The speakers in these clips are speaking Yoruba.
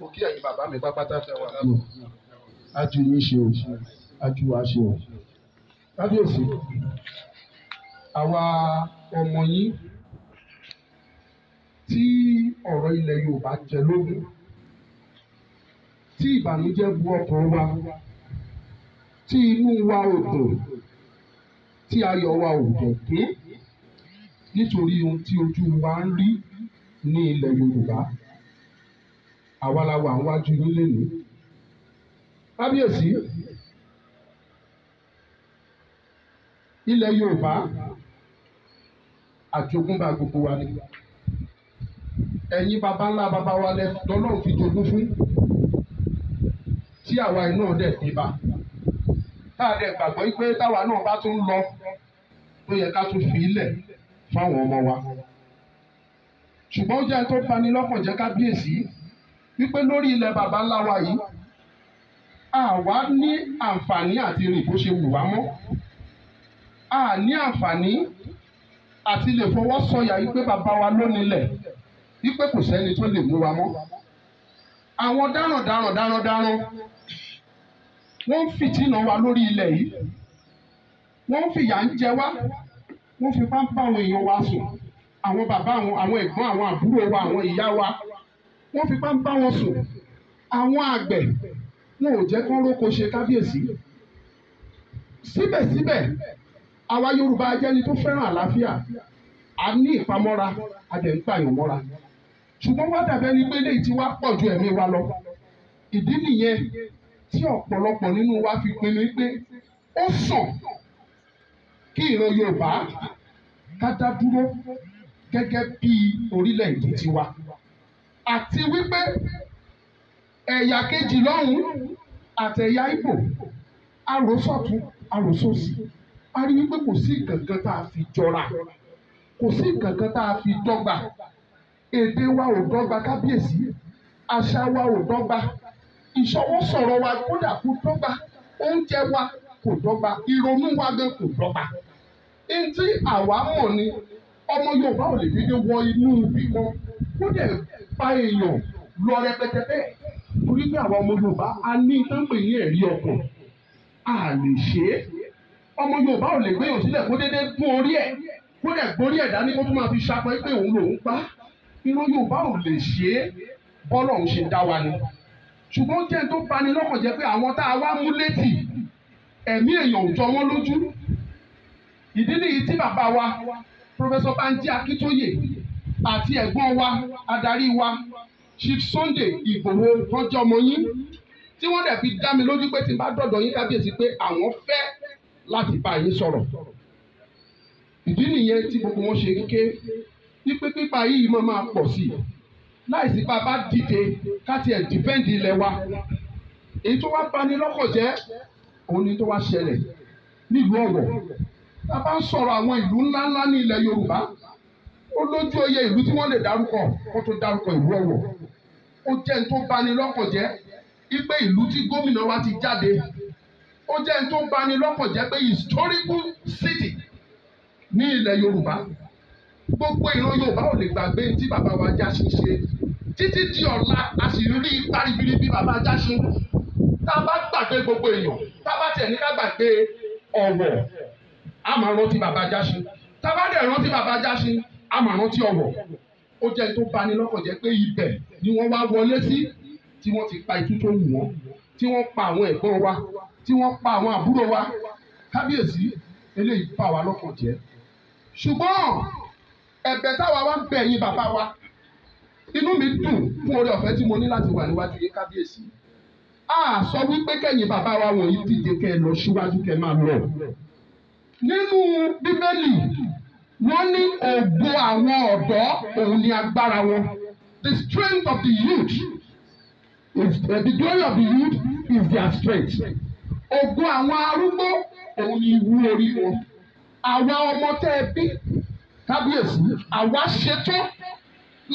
mo kí ẹ̀yin bàbá mi pápátá fẹ́ wà lọ mm. ájú yín ṣe o ájú wa ṣe o kábíyèsí àwa ọmọ yín tí ọ̀rọ̀ ilẹ̀ Yorùbá jẹ lógún tí ìbànújẹ́ bu ọkàn wa tí inú wa ò dùn tí ayọ̀ wa ò dùn kún nítorí ohun tí ojú wa ń rí ní ilẹ̀ Yorùbá àwa la wà níwájú yín lónìí. kábíyèsí ilẹ̀ yorùbá àjogúnbá gbogbo wa ni ẹ̀yin baba ńlá baba wa lẹ lọ́lọ́run fi jogún fún tí àwa iná dẹ̀ débà tá a dẹ̀ gbàgbọ́ pé táwa náà bá tún lọ tó yẹ ká tún fi ilẹ̀ fáwọn ọmọ wa ṣùgbọ́n ó jẹ́ tó bani lọ́kàn jẹ́ kábíyèsí wípé lórí ilẹ̀ bàbá ńlá wa yìí àwa ní àǹfààní àti rìn bó ṣe wù wá mọ́ a ní àǹfààní àti lè fọwọ́ sọ̀yà wípé bàbá wa ló nílẹ̀ wípé kò sẹ́ni tó lè mú wa mọ́ àwọn dáràn dáràn dáràn dáràn wọ́n ń fìtínà wa lórí ilẹ̀ yìí wọ́n ń fìyà ń jẹ wá wọ́n fi pápá àwọn èèyàn wa sùn àwọn bàbá àwọn àwọn ẹ̀gbọ́n àwọn àbúrò wa àwọn ìyá wa wọ́n fipá ń bá wọn sùn àwọn àgbẹ̀ wọn ò jẹ́ kán róko ṣe kábíyèsí síbẹ̀síbẹ̀ àwa Yorùbá ajẹ́ni tó fẹ́ràn àlàáfíà a ní ìpamọ́ra a dẹ̀ ń pààyàn mọ́ra ṣùgbọ́n wá dàbẹ́ ni pé léyìí ti wá pọ̀ ju ẹ̀mí wa lọ ìdí nìyẹn tí ọ̀pọ̀lọpọ̀ nínú wa fi pinnu pé ó sàn kí ìran Yorùbá ká dá dúró gẹ́gẹ́ bí orílẹ̀-èdè tiwa àti wípé ẹ̀yà kejì lọ́hùn àtẹ̀yà Ìgbò àròsọ̀tún àròsọ̀sì a rí wípé kò sí kankan tá a fi jọra kò sí kankan tá a fi dọ́gba èdè wa ò dọ́gba kábíyèsí àṣà wa ò dọ́gba ìṣọwọ́sọ̀rọ̀ wa kódà kò dọ́gba oúnjẹ wa kò dọ́gba ìrònú wa gan kò dọ́gba ntí àwa mọ̀ ni ọmọ Yorùbá ò lè dédé wọ inú ibì kan ó dẹ̀ pa èèyàn lọ rẹpẹtẹ bẹ́ẹ̀ torí pé àwọn ọmọ Yorùbá a ní ìtànpè ní ẹ̀rí ọkàn a lè ṣe é ọmọ Yorùbá ò lè gbé yòó sílẹ̀ kó déédéé gún orí ẹ̀ kó dẹ̀ gbórí ẹ̀ dání kó tún máa fi ṣapẹ́ pé òun lòún pa irú Yorùbá ò lè ṣe é bọ́lọ̀ ń ṣe dá wa ni ṣùgbọ́n jẹ́ tó bani lọ́kàn jẹ́ pé àwọn tá a wá mú létí ẹ̀mí èèyàn ò jọ wọ́n lójú ìdí nìyí tí bàbá wa Professor Banji Akíntóyè àti ẹ̀gbọ́n wa adarí wa Chief Sunday Ìgbòho tọ́jọ́ ọmọ yín tí wọ́n dẹ̀ fi dá mi lójú pé tí n bá dọ̀dọ̀ yín kábíyèsí pé àwọn fẹ́ láti bá yín sọ̀rọ̀ ìdí nìyẹn tí gbogbo wọn ṣe ké wípé pípa yìí máa máa pọ̀ sí i láìsí bá a bá dìde káti ẹ̀ dìpẹ́ǹdì ilẹ̀ wa èyí tó wá bani lọ́kàn jẹ́ òun ni tó wá ṣẹlẹ̀ nílùú Ọ̀wọ̀ tá a bá ń sọ̀rọ̀ àwọn ìlú ńláńlá ní ilẹ̀ Yorùbá ó lójú oyè ìlú tí wọ́n lè dárúkọ kó tó dárúkọ ìlú Ọ̀wọ̀ ó jẹ́ ní tó bani lọ́kàn jẹ́ ipe ìlú tí gómìnà wa ti jáde ó jẹ́ ní tó bani lọ́kàn jẹ́ pé historical city ní ilẹ̀ Yorùbá gbogbo ìran Yorùbá ò lè gbàgbé tí bàbá wa Jásin ṣe títí di ọ̀la a sì rí paribiri bí bàbá Jásin tá a bá gbàgbé gbogbo èèyàn tá a bá tiẹ̀ ní ká gbàgbé Ọ̀wọ̀ a máa rántí bàbá Jásin tá a bá dẹ̀ rántí bàbá Jásin amàrántí ọ̀rọ̀ ó jẹ́ tó bani lọ́kàn jẹ́ pé ibẹ̀ ni wọ́n wá wọlé sí tí wọ́n ti pa itú tó wù wọ́n tí wọ́n pa àwọn ẹ̀gbọ́n wa tí wọ́n pa àwọn àbúrò wa kábíyèsí eléyìí bà wá lọ́kàn jẹ́ ṣùgbọ́n ẹ̀bẹ̀ táwa wá ń bẹ̀ yín bàbá wa inú mi dùn fún oore ọ̀fẹ́ tí mo ní láti wà níwájú yín kábíyèsí a sọ wípé kẹ́yìn bàbá wa wọ̀nyí dìde kẹ́ ẹ lọ síwájú kẹ́ máa lọ nínú bíbélì wọ́n ní ògo àwọn ọ̀dọ́ òun ni agbára wọn. The strength of the youth is uh, the glory of the youth is their strength. Ògo àwọn arúgbó òun ni ìwú orí wọn. Àwa ọmọ tẹ́ ẹ bí kábíyèsí àwa ṣetán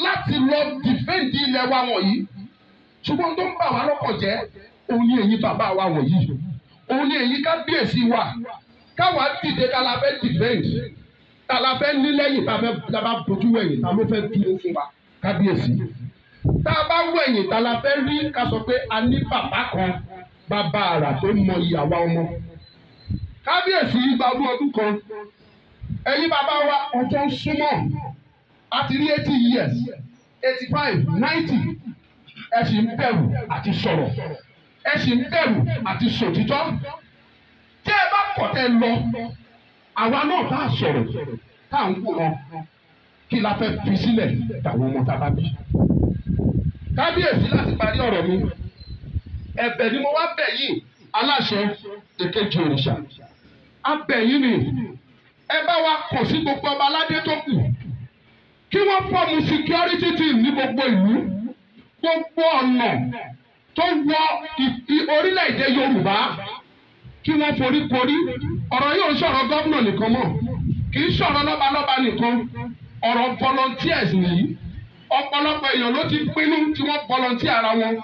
láti lọ dìfẹ́ǹdì ilẹ̀ wa wọ̀nyí. Ṣùgbọ́n tó ń bà wá lọ́kàn jẹ́ òun ni èyí bàbá wa wọ̀nyí. Òun ni èyí kábíyèsí wa káwa dìde ká fẹ́ dìfẹ́ǹdì ta la fẹ́ ní lẹ́yìn ta fẹ́ ta bá bójú wẹ̀yìn ta ló fẹ́ dúró fún wa kábíyèsí tá a bá wẹ̀yìn ta la fẹ́ rí ká sọ pé a ní bàbá kan bàbá àrà tó mọ ìyàwó ọmọ kábíyèsí gbagbó ọdún kan ẹ̀yin bàbá wa ọjọ́ ń súnmọ́ a ti rí eighty years eighty five ninety ẹ sì ń bẹ̀rù àti sọ̀rọ̀ ẹ sì ń bẹ̀rù àti sòtítọ́ tí ẹ bá kọ̀ tẹ́ lọ àwa náà tá a sọ̀rọ̀ tá à ń wò wọn kí la fẹ́ fi sílẹ̀ tàwọn ọmọ tá a bá bí. kábíyèsí láti parí ọ̀rọ̀ mi ẹ̀bẹ̀ ni mo wá bẹ̀ yìí aláṣẹ èkejì òrìṣà abẹ̀ yìí ni ẹ bá wa kàn sí gbogbo ọba aládé tó kù kí wọ́n fọ́ọ̀mù security team ní gbogbo ìlú gbogbo ọ̀nà tó wọ orílẹ̀-èdè Yorùbá kí wọ́n forí korí ọ̀rọ̀ yóò sọ̀rọ̀ gómìnà nìkan mọ́ kì í sọ̀rọ̀ lọ́balọ́ba nìkan ọ̀rọ̀ volunteers nìyí ọ̀pọ̀lọpọ̀ èèyàn ló ti pinnu tí wọ́n volunteer ara wọn.